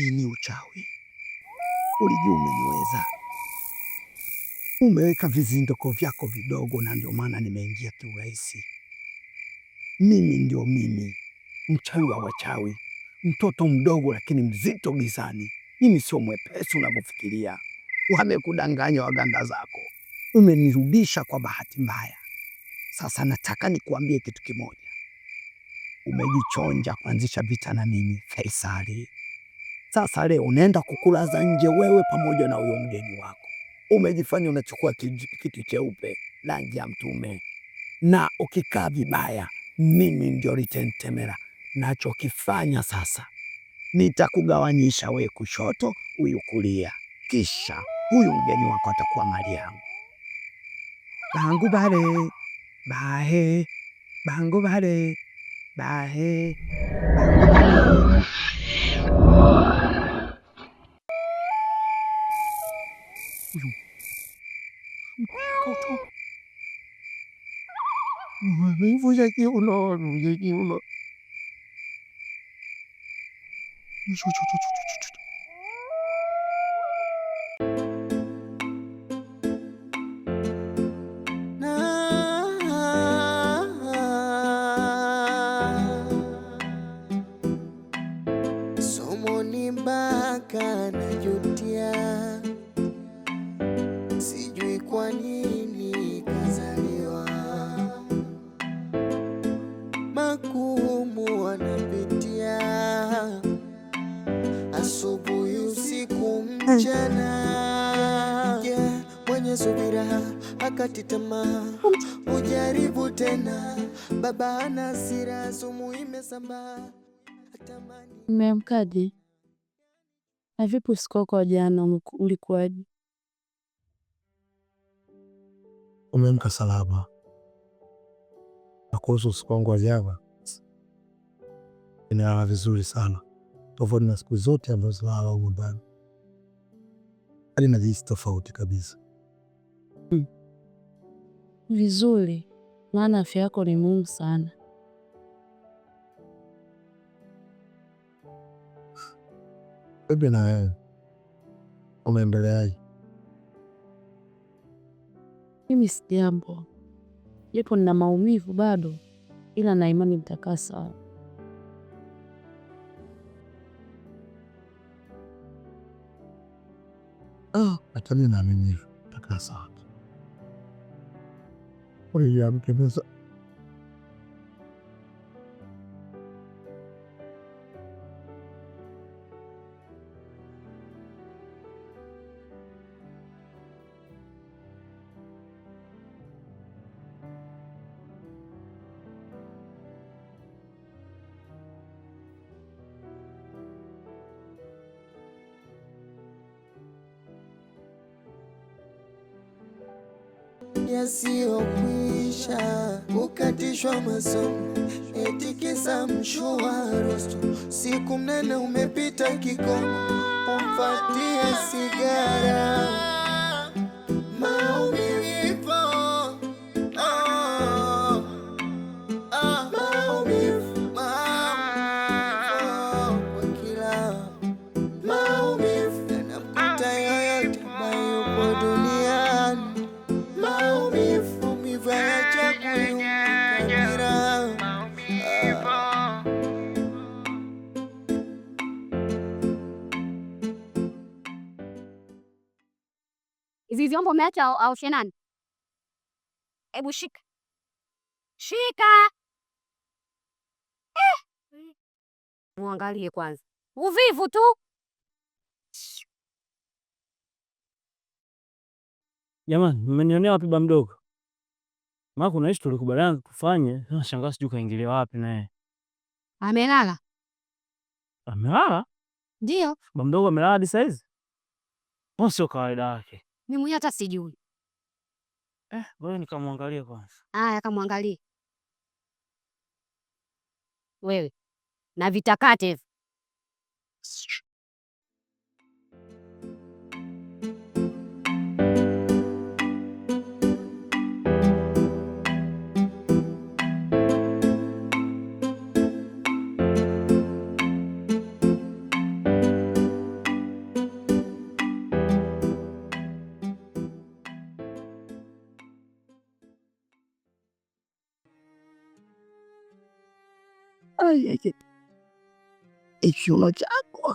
lini uchawi? Ulijua umeniweza, umeweka vizindoko vyako vidogo, na ndio maana nimeingia kiurahisi. Mimi ndio mimi, mchawi wa wachawi, mtoto mdogo lakini mzito gizani. Mimi sio mwepesi unavyofikiria. Wamekudanganya waganga zako, umenirudisha kwa bahati mbaya. Sasa nataka nikuambie kitu kimoja, umejichonja kuanzisha vita na mimi Faisali. Sasa leo unaenda kukula za nje wewe pamoja na huyo mgeni wako, umejifanya unachukua kitu cheupe rangi ya mtume, na ukikaa vibaya, mimi ndio Litentemela. Nachokifanya sasa, nitakugawanyisha we kushoto, huyu kulia, kisha huyu mgeni wako atakuwa mali yangu. bangu bale bahe bangu bale bahe পূজায় কি হলো ইয়ে কি হলো subira akati tamaa, ujaribu tena, baba ana hasira, sumu imesambaa. Mmeamkaje? Na vipi usiku wako wa jana ulikuwaje? Umeamka salama? Na kuhusu usiku wangu wa jana, inalala vizuri sana, tofauti na siku zote ambazo zilala huko ndani, hadi najihisi tofauti kabisa vizuri, maana afya yako ni muhimu sana. Bibi, na wewe unaendeleaje? Mimi sijambo, japo nina maumivu bado, ila na imani nitakaa sawa. Ah, Hata mimi naamini hivyo, nitakaa sawa. 我以前真是。yasiyokwisha, kukatishwa masomo etikisa mshua rosto, siku mnene umepita kikomo, umfatie siku Hizi hizi umeacha au shenani? Hebu shika shika, eh. eh! Muangalie kwanza, uvivu tu jamani. Mmenionea wapi ba mdogo? Maana kuna hicho tulikubaliana tufanye, shangaa sijui kaingilia wapi naye. Amelala amelala, ndio ba mdogo amelala hadi saizi, sio kawaida yake mimi hata sijui. Eh, wewe nikamwangalie kwanza. Aya, kamwangalie wewe na vitakate ekiuno kyako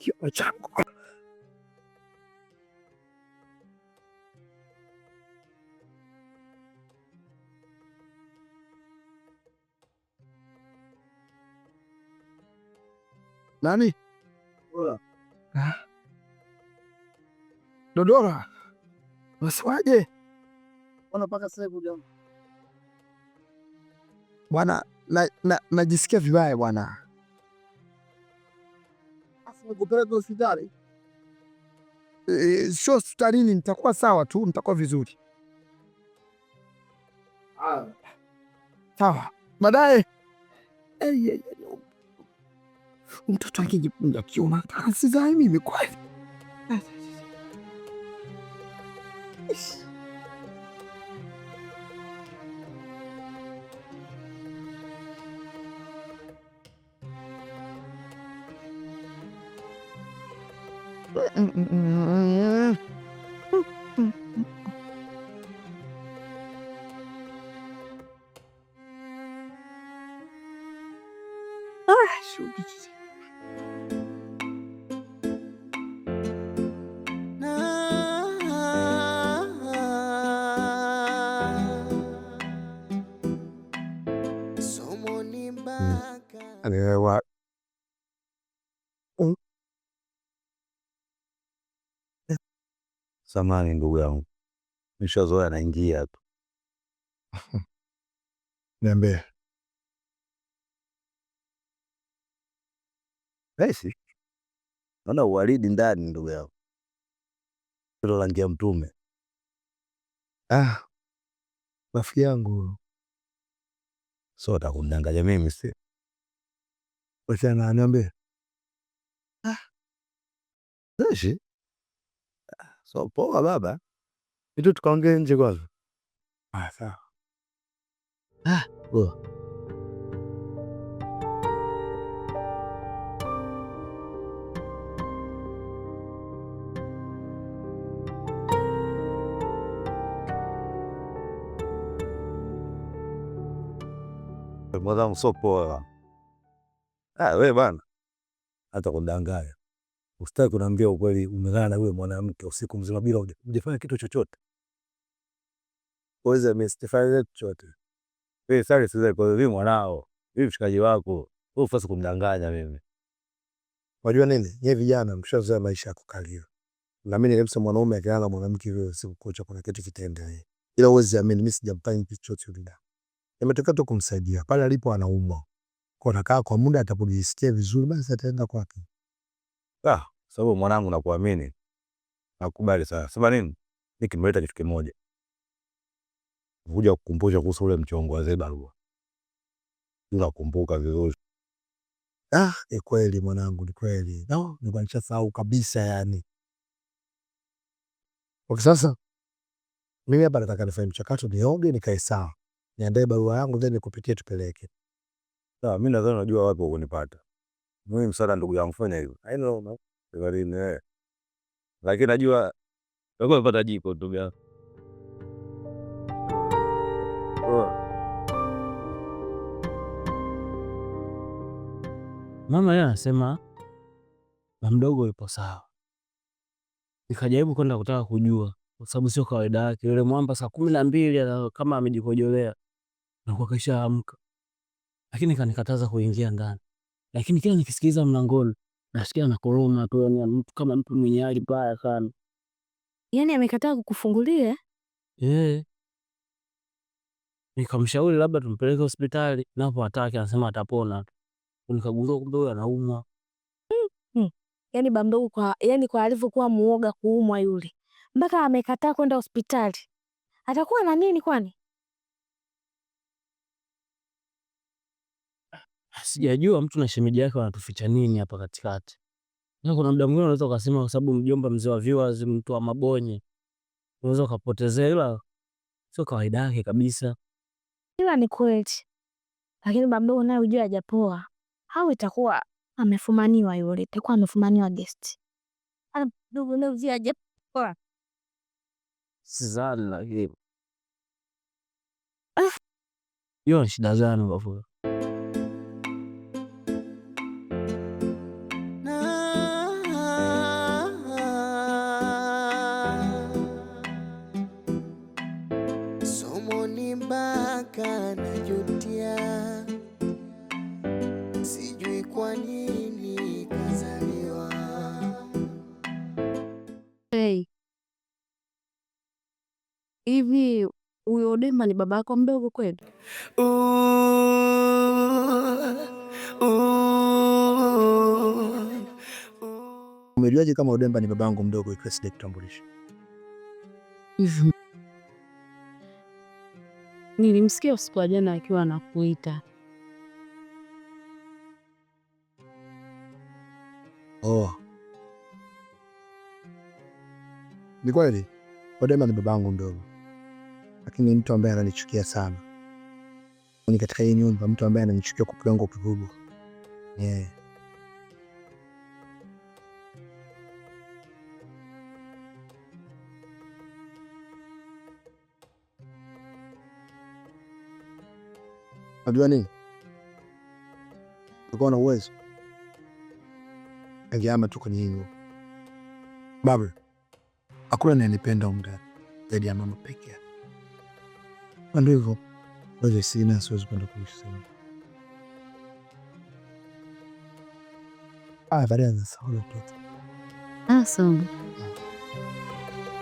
kiuno chako Nani? Dodora wasiwaje bwana, najisikia na, na vibaya bwana. E, sio hospitalini, nitakuwa sawa tu, nitakuwa vizuri sawa baadaye mtoto akijipunja kiuno asidhani mimi kweli. Mm. wa ndugu yangu, nishazoea naingia tu niambia basi, Naona uwaridi ndani, ndugu yangu, hilo rangi ya mtume. Ah, rafiki yangu So utakudanganya mimi si wachananiambia ah. Zeshi so poa baba, itu tukaongee nje kwanza. Ah, sawa. Ah, poa. mwanangu, sio poa. Ah, wewe bwana, hata kudanganya usitaki kuniambia ukweli. Umelala na yule mwanamke usiku mzima bila hujafanya kitu chochote? Kwanza mimi sitafanya chochote. Wewe sasa siwezi kwa hivi mwanao, hivi mshikaji wako, wewe ufasi kumdanganya mimi. Wajua nini? Yeye vijana mshazoea maisha ya kukalia. Na mimi nilimsa mwanaume akalala mwanamke yule siku kucha kuna kitu kitende. Ila uwezi amini mimi sijamfanya kitu chochote yule. Nimetoka tu kumsaidia pale alipo, anaumwa kwa nakaa kwa muda, atapojisikia vizuri basi ataenda kwake. Ah, sababu mwanangu, nakuamini, nakubali sana. Sema nini, nikimleta kitu kimoja, kuja kukumbusha kuhusu ule mchongo wa barua. Unakumbuka vizuri? Ah, ni kweli mwanangu, ni kweli. No, nilikuwa nishasahau kabisa yani. Okay, sasa mimi hapa nataka nifanye mchakato, nioge nikae sawa niandae barua yangu then nikupitie tupeleke. Sawa, mimi nadhani najua wapi unanipata. Mimi msaada ndugu yangu fanya hivyo. I Haina maana. Eh. Lakini najua wako unapata jiko ndugu yangu. Mama yeye anasema na mdogo yupo sawa. Nikajaribu kwenda kutaka kujua kwa sababu sio kawaida yake. Yule mwamba saa kumi na mbili kama amejikojolea na kwa kisha amka, lakini kanikataza kuingia ndani, lakini kila nikisikiliza mlangoni nasikia na koroma tu, yani mtu kama mtu mwenye hali mbaya sana. Yani amekataa kukufungulia eh? Nikamshauri labda tumpeleke hospitali, napo hataki, anasema atapona tu. Nikagundua kumbe huyo anaumwa. Mm-hmm. Yani bambeu kwa, yani kwa alivyokuwa muoga kuumwa yule, mpaka amekataa kwenda hospitali, atakuwa na nini kwani? sijajua mtu na shemeji yake wanatuficha nini hapa katikati. Na kuna mda mwingine unaweza ukasema kwa sababu mjomba mzee wa viewers, mtu wa mabonye, unaweza ukapotezea, ila sio kawaida yake kabisa. Ila ni kweli, lakini baba ujua ajapoa au itakuwa amefumaniwa, yule itakuwa amefumaniwa guest sizani, lakini ah! hiyo ni shida zani bafua Hivi huyo Dema ni baba yako mdogo kweli? Umejuaje kama Udemba ni baba yangu mdogo ikiwa sija kitambulisho? Nilimsikia usiku wa jana akiwa anakuita. Oh. Ni kweli Udemba ni yangu mdogo lakini mtu ambaye ananichukia sana ni katika hii nyumba, mtu ambaye ananichukia kwa kiwango kikubwa yeah. Najua nini, ulikuwa na uwezo angeama tu kwenye hiyo baba. Hakuna ananipenda umda zaidi ya mama pekee. Kwando hivyo bado sina, siwezi kwenda kuishi sehemu. Ah, olha nasahau. Ah, so é.